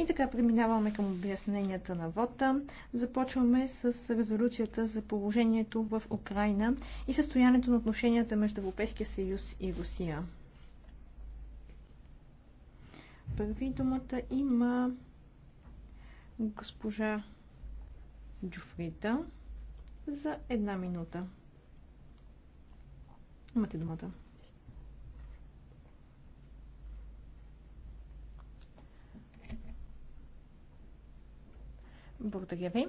И така преминаваме към обясненията на вота. Започваме с резолюцията за положението в Украина и състоянието на отношенията между Европейския съюз и Русия. Първи думата има госпожа Джуфрита за една минута. Имате думата. Благодаря ви.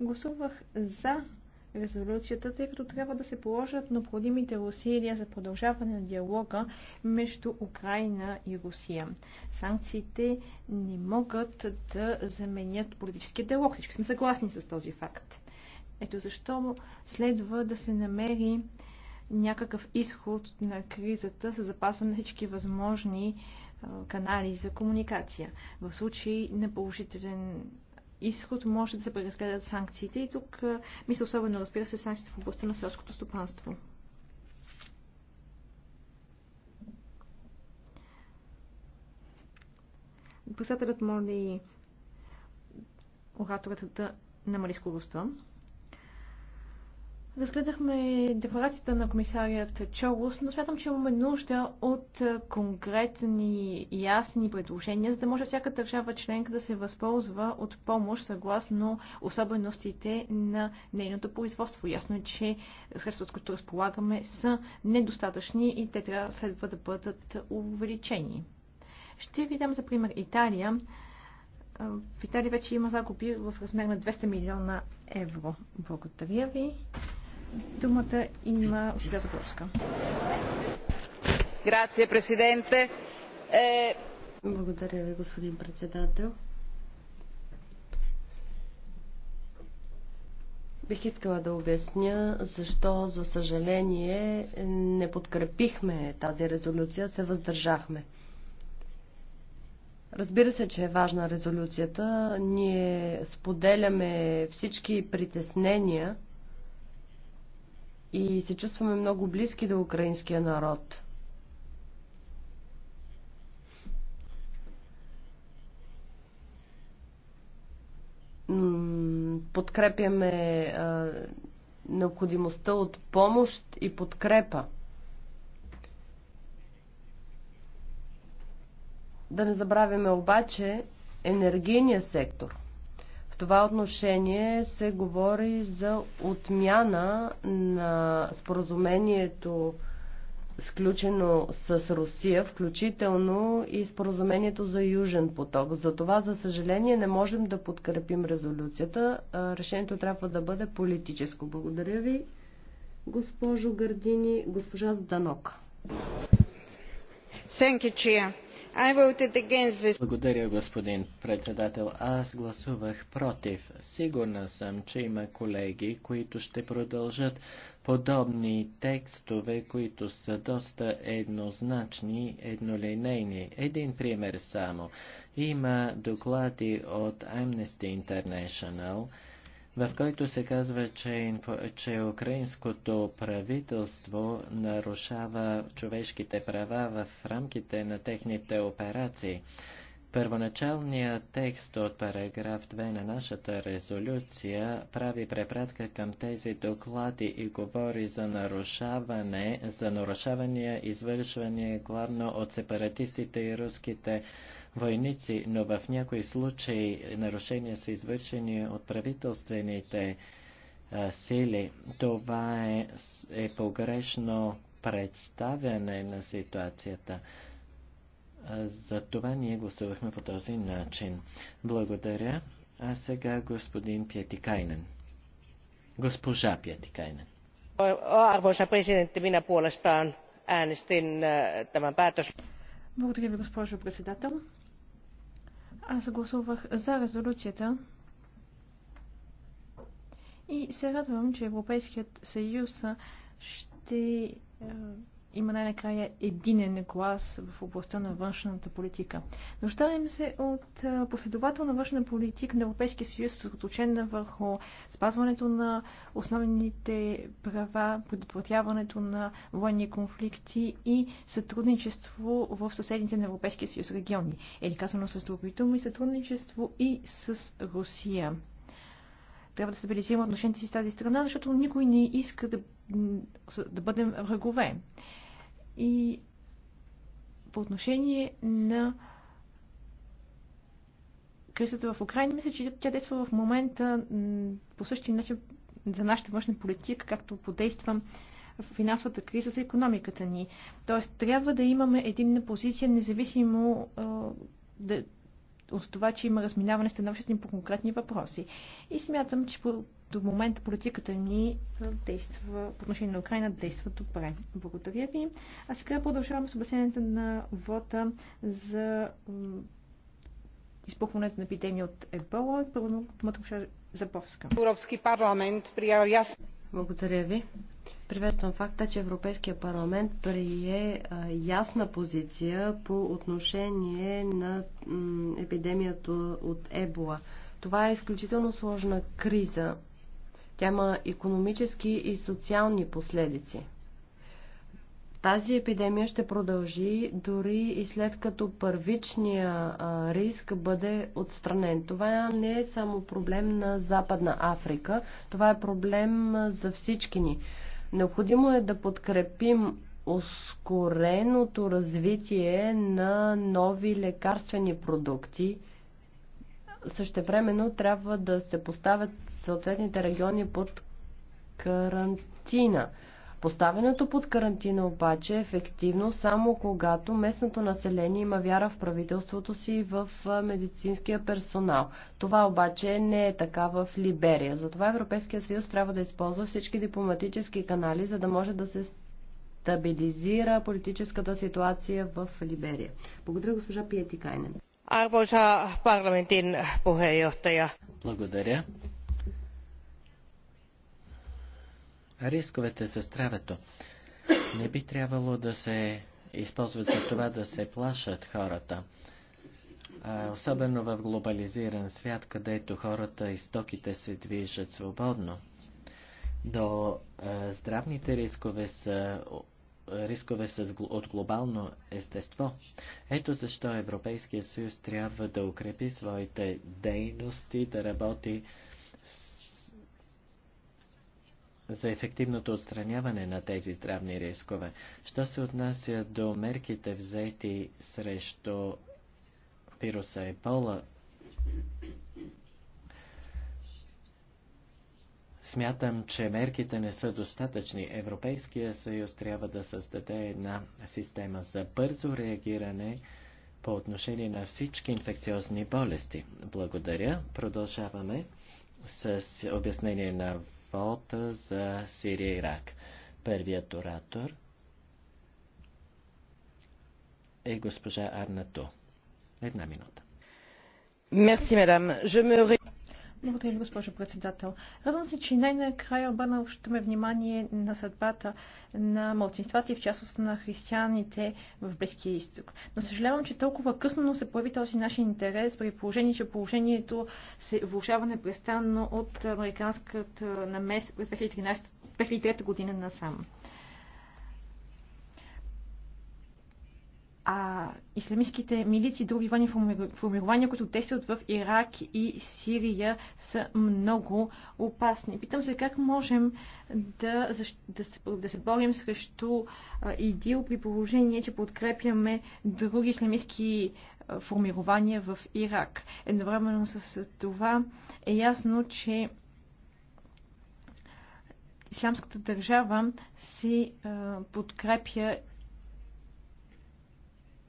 Гласувах за резолюцията, тъй като трябва да се положат необходимите усилия за продължаване на диалога между Украина и Русия. Санкциите не могат да заменят политическия диалог. Всички сме съгласни с този факт. Ето защо следва да се намери някакъв изход на кризата с запазване на всички възможни канали за комуникация. В случай на положителен изход може да се преразгледат санкциите и тук мисля особено разбира се санкциите в областта на селското стопанство. Председателят моли ораторът да намали скоростта. Разгледахме декларацията на комисарият Чолус, но смятам, че имаме нужда от конкретни и ясни предложения, за да може всяка държава членка да се възползва от помощ съгласно особеностите на нейното производство. Ясно е, че средствата, с които разполагаме, са недостатъчни и те трябва следва да бъдат увеличени. Ще ви дам за пример Италия. В Италия вече има загуби в размер на 200 милиона евро. Благодаря ви. Думата има госпожа Загорска. Грация, президенте. Е, Благодаря ви, господин председател. Бих искала да обясня защо, за съжаление, не подкрепихме тази резолюция, се въздържахме. Разбира се, че е важна резолюцията. Ние споделяме всички притеснения, и се чувстваме много близки до украинския народ. Подкрепяме а, необходимостта от помощ и подкрепа. Да не забравяме обаче енергийния сектор това отношение се говори за отмяна на споразумението сключено с Русия, включително и споразумението за Южен поток. За това, за съжаление, не можем да подкрепим резолюцията. Решението трябва да бъде политическо. Благодаря ви, госпожо Гардини, госпожа Зданок. Сенкичия. Благодаря, господин председател. Аз гласувах против. Сигурна съм, че има колеги, които ще продължат подобни текстове, които са доста еднозначни, еднолинейни. Един пример само. Има доклади от Amnesty International, в който се казва, че, че украинското правителство нарушава човешките права в рамките на техните операции. Първоначалният текст от параграф 2 на нашата резолюция прави препратка към тези доклади и говори за нарушаване, за нарушавания, извършване главно от сепаратистите и руските войници, но в някои случаи нарушения са извършени от правителствените а, сили. Това е, е погрешно представяне на ситуацията. За това ние гласувахме по този начин. Благодаря. А сега господин Пятикайнен. Госпожа Пятикайнен. Арвоша президент, minä puolestaan äänestin tämän päätös. Благодаря ви, госпожо председател. Аз гласувах за резолюцията и се радвам, че Европейският съюз ще има най-накрая единен глас в областта на външната политика. Нуждаем се от последователна външна политика на Европейския съюз, съсредоточена върху спазването на основните права, предотвратяването на военни конфликти и сътрудничество в съседните на Европейския съюз региони. Или казано с други и сътрудничество и с Русия трябва да стабилизираме отношенията си с тази страна, защото никой не иска да, да бъдем врагове. И по отношение на кризата в Украина, мисля, че тя действа в момента по същия начин за нашата външна политика, както подейства финансовата криза за економиката ни. Тоест, трябва да имаме единна позиция, независимо да, от това, че има разминаване становището ни по конкретни въпроси. И смятам, че до момента политиката ни действа, по отношение на Украина действа добре. Благодаря ви. А сега продължавам с обяснението на вота за изпухването на епидемия от Ебола. Първо думата Заповска. Европски парламент приял ясно благодаря ви. Приветствам факта, че Европейския парламент прие ясна позиция по отношение на епидемията от Ебола. Това е изключително сложна криза. Тя има економически и социални последици. Тази епидемия ще продължи дори и след като първичния риск бъде отстранен. Това не е само проблем на Западна Африка, това е проблем за всички ни. Необходимо е да подкрепим ускореното развитие на нови лекарствени продукти. Същевременно трябва да се поставят съответните региони под карантина. Поставянето под карантина обаче е ефективно само когато местното население има вяра в правителството си и в медицинския персонал. Това обаче не е така в Либерия. Затова Европейския съюз трябва да използва всички дипломатически канали, за да може да се стабилизира политическата ситуация в Либерия. Благодаря госпожа Пиети Кайнен. Arvoisa parlamentin puheenjohtaja. Благодаря. рисковете за здравето. Не би трябвало да се използват за това да се плашат хората. А, особено в глобализиран свят, където хората и стоките се движат свободно. До а, здравните рискове са рискове с, от глобално естество. Ето защо Европейския съюз трябва да укрепи своите дейности, да работи за ефективното отстраняване на тези здравни рискове. Що се отнася до мерките взети срещу вируса Епола. Смятам, че мерките не са достатъчни. Европейския съюз трябва да създаде една система за бързо реагиране по отношение на всички инфекциозни болести. Благодаря. Продължаваме с обяснение на квота за Сирия и Ирак. Първият оратор е госпожа Арнато. Една минута. Мерси, мадам. Благодаря госпожо председател. Радвам се, че най-накрая обърнахме внимание на съдбата на младсинствата и в частност на християните в Близкия изток. Но съжалявам, че толкова късно се появи този наш интерес при положение, че положението се влушава непрестанно от американската намес през 2013, 2003 година насам. а исламистските милици и други военни формирования, които действат в Ирак и Сирия, са много опасни. Питам се как можем да, да, се, да се борим срещу ИДИЛ при положение, че подкрепяме други исламистски формирования в Ирак. Едновременно с това е ясно, че Исламската държава се подкрепя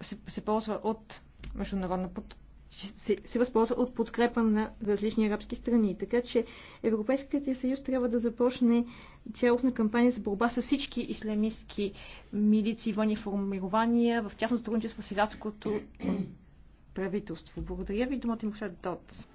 се, се ползва от международна под... се, се възползва от подкрепа на различни арабски страни. Така че Европейският съюз трябва да започне цялостна кампания за борба с всички ислямистски милици и военни формирования в тясно сътрудничество с иракското правителство. Благодаря ви. Думата им Доц.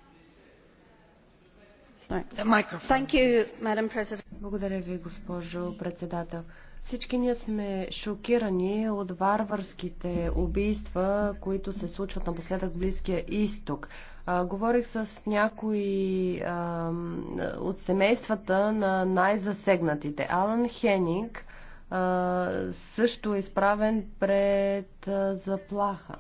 Благодаря ви, госпожо председател. Всички ние сме шокирани от варварските убийства, които се случват напоследък в Близкия изток. А, говорих с някои а, от семействата на най-засегнатите. Алан Хенинг а, също е изправен пред а, заплаха.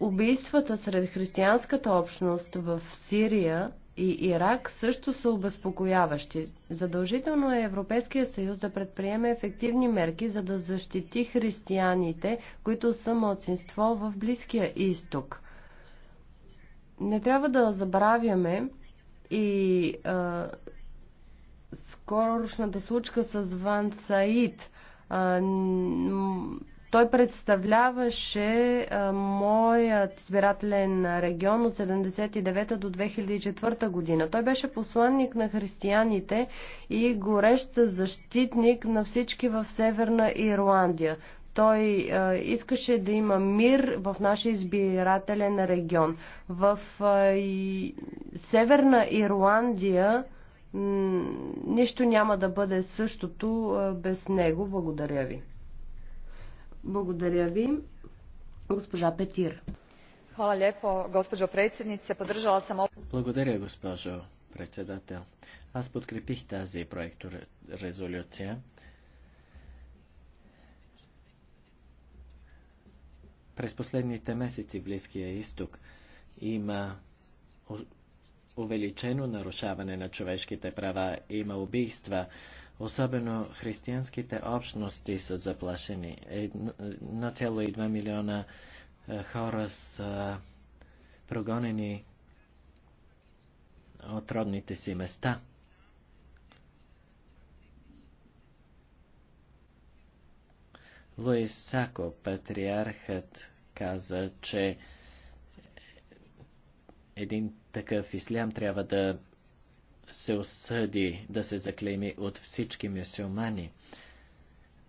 Убийствата сред християнската общност в Сирия и Ирак също са обезпокояващи. Задължително е Европейския съюз да предприеме ефективни мерки, за да защити християните, които са младсинство в Близкия изток. Не трябва да забравяме и а, скорошната случка с Ван Саид. А, той представляваше а, моят избирателен регион от 79 до 2004 година. Той беше посланник на християните и горещ защитник на всички в Северна Ирландия. Той а, искаше да има мир в нашия избирателен регион. В а, и, Северна Ирландия нищо няма да бъде същото без него. Благодаря ви. Благодаря ви. Госпожа Петир. Hvala lijepo, gospođo predsjednice. Podržala sam... Благодаря, госпожо председател. Аз подкрепих тази резолюция. През последните месеци Близкия изток има увеличено нарушаване на човешките права, има убийства, особено християнските общности са заплашени. 1,2 милиона е, хора са прогонени от родните си места. Луис Сако, патриархът, каза, че един такъв ислям трябва да се осъди, да се заклейми от всички мюсюлмани.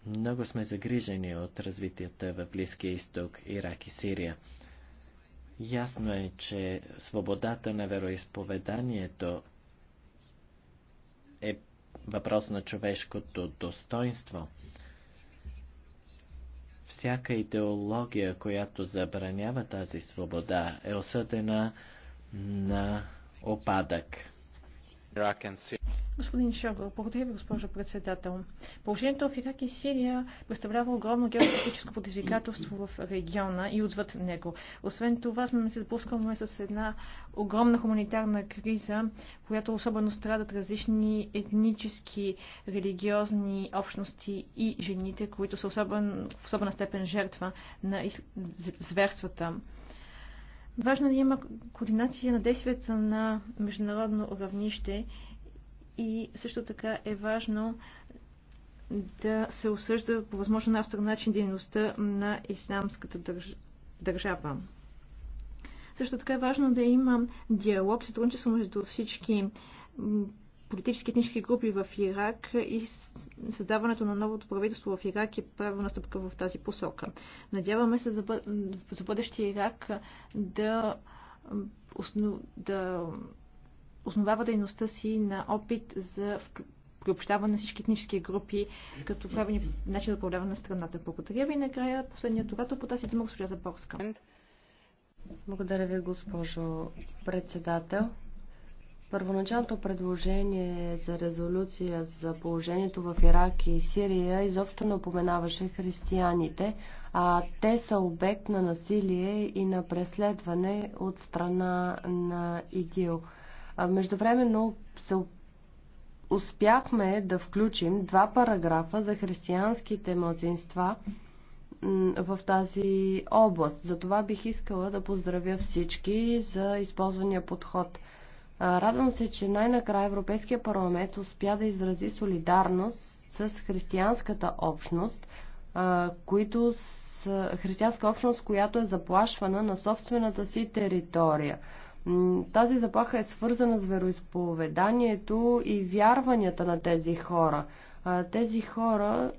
Много сме загрижени от развитията в Близкия изток, Ирак и Сирия. Ясно е, че свободата на вероисповеданието е въпрос на човешкото достоинство. Всяка идеология, която забранява тази свобода, е осъдена на опадък. Господин Шогъл, благодаря ви, госпожо председател. Положението в Ирак и Сирия представлява огромно геополитическо предизвикателство в региона и отвъд него. Освен това, сме се сблъскваме с една огромна хуманитарна криза, която особено страдат различни етнически, религиозни общности и жените, които са особен, в особена степен жертва на зверствата Важно е да има координация на действията на международно равнище и също така е важно да се осъжда по възможно най-автор начин дейността на исламската държ... държава. Също така е важно да има диалог и сътрудничество между всички политически етнически групи в Ирак и създаването на новото правителство в Ирак е правилна стъпка в тази посока. Надяваме се за, бъдещи бъдещия Ирак да, основ... да основава дейността си на опит за приобщаване на всички етнически групи като правилни начин да управляване на страната. Благодаря ви и накрая последният оратор по тази тема госпожа Заборска. Благодаря ви, госпожо председател. Първоначалното предложение за резолюция за положението в Ирак и Сирия изобщо не упоменаваше християните, а те са обект на насилие и на преследване от страна на ИДИЛ. Междувременно се успяхме да включим два параграфа за християнските младсинства в тази област. Затова бих искала да поздравя всички за използвания подход – Радвам се, че най-накрая Европейския парламент успя да изрази солидарност с християнската общност, които с християнска общност, която е заплашвана на собствената си територия. Тази заплаха е свързана с вероисповеданието и вярванията на тези хора. Тези хора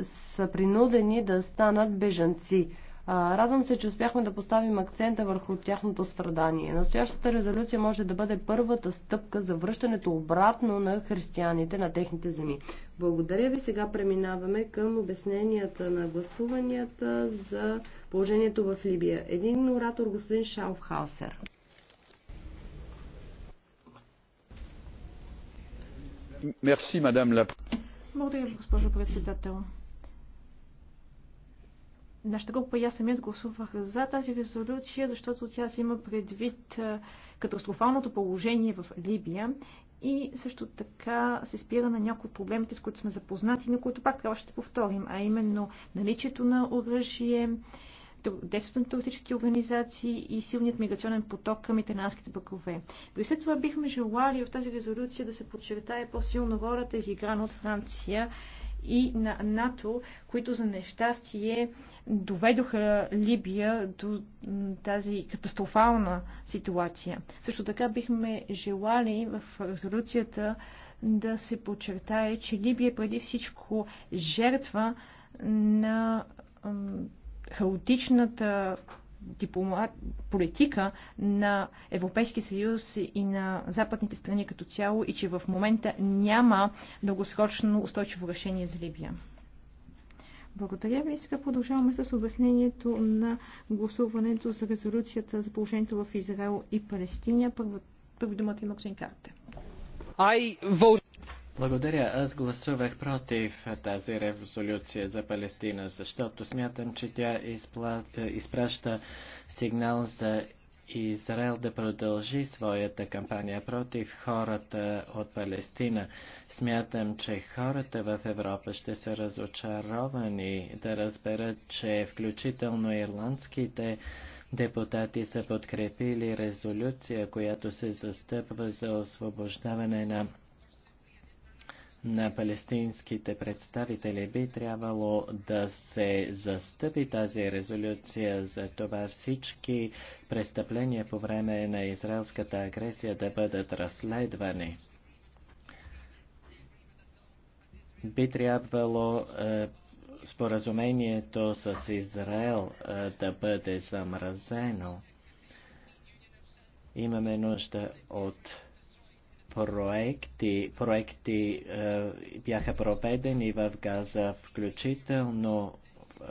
са принудени да станат бежанци. Радвам се, че успяхме да поставим акцента върху тяхното страдание. Настоящата резолюция може да бъде първата стъпка за връщането обратно на християните на техните земи. Благодаря ви. Сега преминаваме към обясненията на гласуванията за положението в Либия. Един оратор, господин Шауфхаусер. Мерси, мадам Благодаря, госпожо председател нашата група и аз самият гласувах за тази резолюция, защото тя се има предвид катастрофалното положение в Либия и също така се спира на някои от проблемите, с които сме запознати, на които пак трябва ще повторим, а именно наличието на оръжие, действието на туристически организации и силният миграционен поток към италианските бъкове. При след това бихме желали в тази резолюция да се подчертае по-силно ролята изиграна от Франция и на НАТО, които за нещастие доведоха Либия до тази катастрофална ситуация. Също така бихме желали в резолюцията да се подчертае, че Либия преди всичко жертва на хаотичната дипломат, политика на Европейски съюз и на западните страни като цяло и че в момента няма дългосрочно устойчиво решение за Либия. Благодаря ви. Сега продължаваме с обяснението на гласуването за резолюцията за положението в Израел и Палестиния. Първи думата има господин Карте. I vote... Благодаря. Аз гласувах против тази резолюция за Палестина, защото смятам, че тя изпла... изпраща сигнал за Израел да продължи своята кампания против хората от Палестина. Смятам, че хората в Европа ще са разочаровани да разберат, че включително ирландските депутати са подкрепили резолюция, която се застъпва за освобождаване на на палестинските представители би трябвало да се застъпи тази резолюция за това всички престъпления по време на израелската агресия да бъдат разследвани. Би трябвало е, споразумението с Израел е, да бъде замразено. Имаме нужда от проекти, проекти е, бяха проведени в Газа, включително е,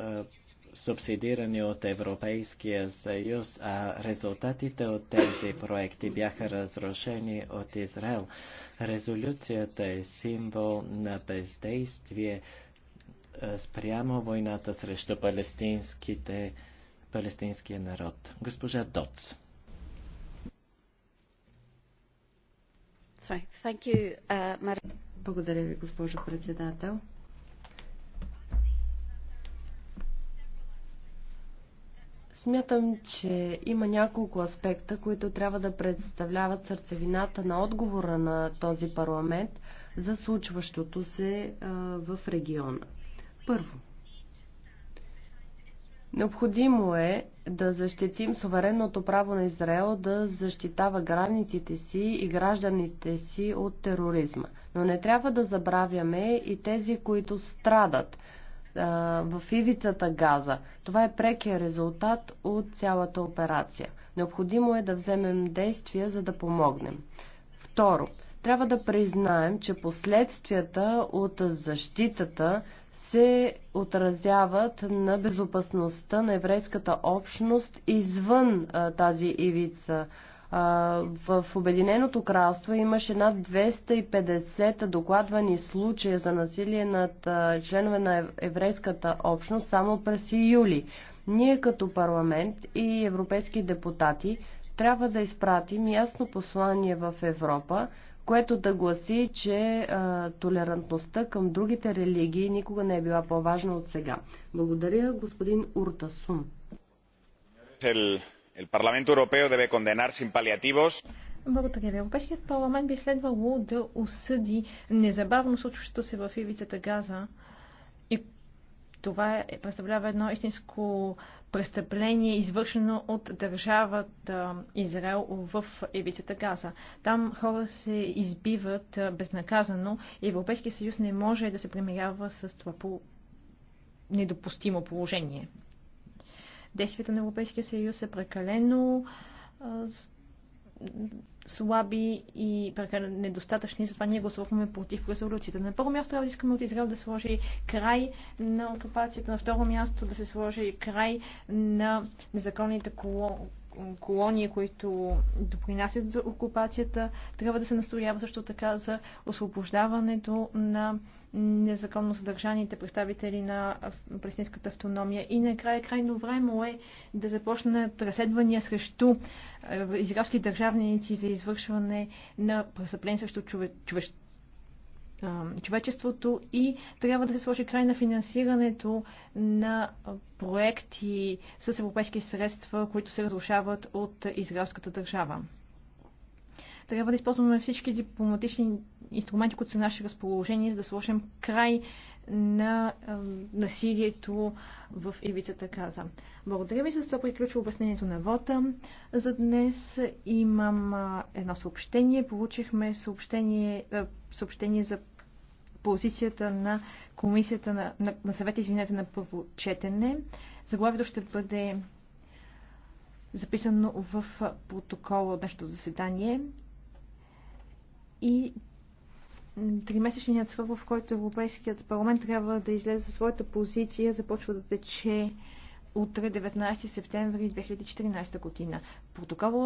субсидирани от Европейския съюз, а резултатите от тези проекти бяха разрушени от Израел. Резолюцията е символ на бездействие е, спрямо войната срещу палестинските, палестинския народ. Госпожа Доц. Uh, Благодаря ви, госпожо председател. Смятам, че има няколко аспекта, които трябва да представляват сърцевината на отговора на този парламент за случващото се в региона. Първо, Необходимо е да защитим суверенното право на Израел да защитава границите си и гражданите си от тероризма. Но не трябва да забравяме и тези, които страдат а, в ивицата Газа. Това е прекия резултат от цялата операция. Необходимо е да вземем действия, за да помогнем. Второ, трябва да признаем, че последствията от защитата се отразяват на безопасността на еврейската общност извън а, тази ивица. А, в Обединеното кралство имаше над 250 докладвани случая за насилие над а, членове на еврейската общност само през юли. Ние като парламент и европейски депутати трябва да изпратим ясно послание в Европа, което да гласи, че а, толерантността към другите религии никога не е била по-важна от сега. Благодаря, господин Уртасун. Благодаря ви. Европейският парламент би следвало да осъди незабавно случващото се в ивицата Газа това е, представлява едно истинско престъпление, извършено от държавата Израел в ивицата Газа. Там хора се избиват безнаказано и Европейския съюз не може да се примирява с това по недопустимо положение. Действията на Европейския съюз е прекалено слаби и прекалено недостатъчни, затова ние гласувахме против резолюцията. На първо място трябва да искаме от Израел да сложи край на окупацията, на второ място да се сложи край на незаконните колонии, които допринасят за окупацията. Трябва да се настоява също така за освобождаването на незаконно съдържаните представители на палестинската автономия. И накрая крайно време е да започнат разследвания срещу израелски държавници за извършване на престъпления срещу чове... човечеството и трябва да се сложи край на финансирането на проекти с европейски средства, които се разрушават от израелската държава. Трябва да използваме всички дипломатични инструменти, които са наше разположение, за да сложим край на насилието в ивицата Каза. Благодаря ви, с това приключва обяснението на вота. За днес имам едно съобщение. Получихме съобщение, съобщение за позицията на комисията на, на, на съвета, извинете, на първо четене. Заглавието ще бъде записано в протокола от нашето заседание и тримесечният срок, в който Европейският парламент трябва да излезе за своята позиция, започва да тече утре 19 септември 2014 година. Протокол